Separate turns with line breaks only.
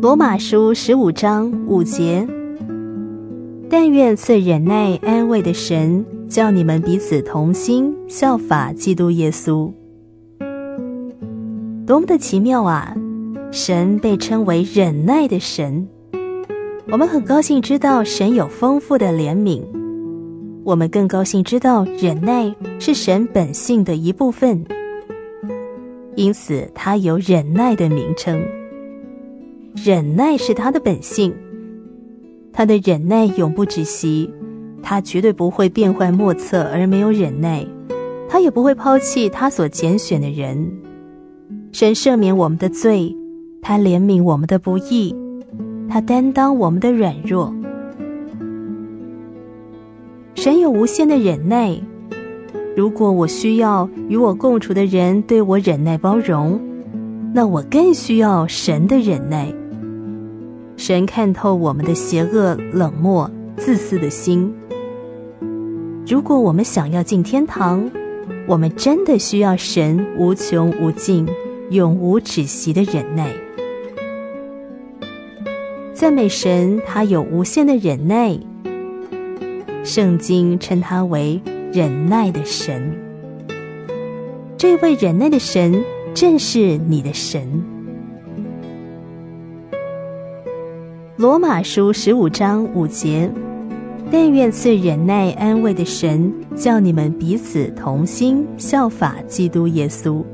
羅馬書十五章五節：“但願賜忍耐、安慰的神，叫你們彼此同心，效法基督耶穌。”多麼的奇妙啊！神被稱為忍耐的神。我們很高興知道神有豐富的憐憫；我們更高興知道忍耐是神本性的一部分，因此他有忍耐的名稱。忍耐是他的本性，他的忍耐永不止息，他絕對不會變幻莫測而沒有忍耐，他也不會拋棄他所揀選的人。神赦免我們的罪，他憐憫我們的不義，他擔當我們的軟弱。神有無限的忍耐，如果我需要與我共處的人對我忍耐包容，那我更需要神的忍耐。神看透我們的邪惡、冷漠、自私的心。如果我們想要進天堂，我們真的需要神無窮無盡、永無止息的忍耐。讚美神，他有無限的忍耐。聖經稱他為忍耐的神。這位忍耐的神正是你的神。羅馬書十五章五節，但願賜忍耐安慰的神，叫你們彼此同心，效法基督耶穌。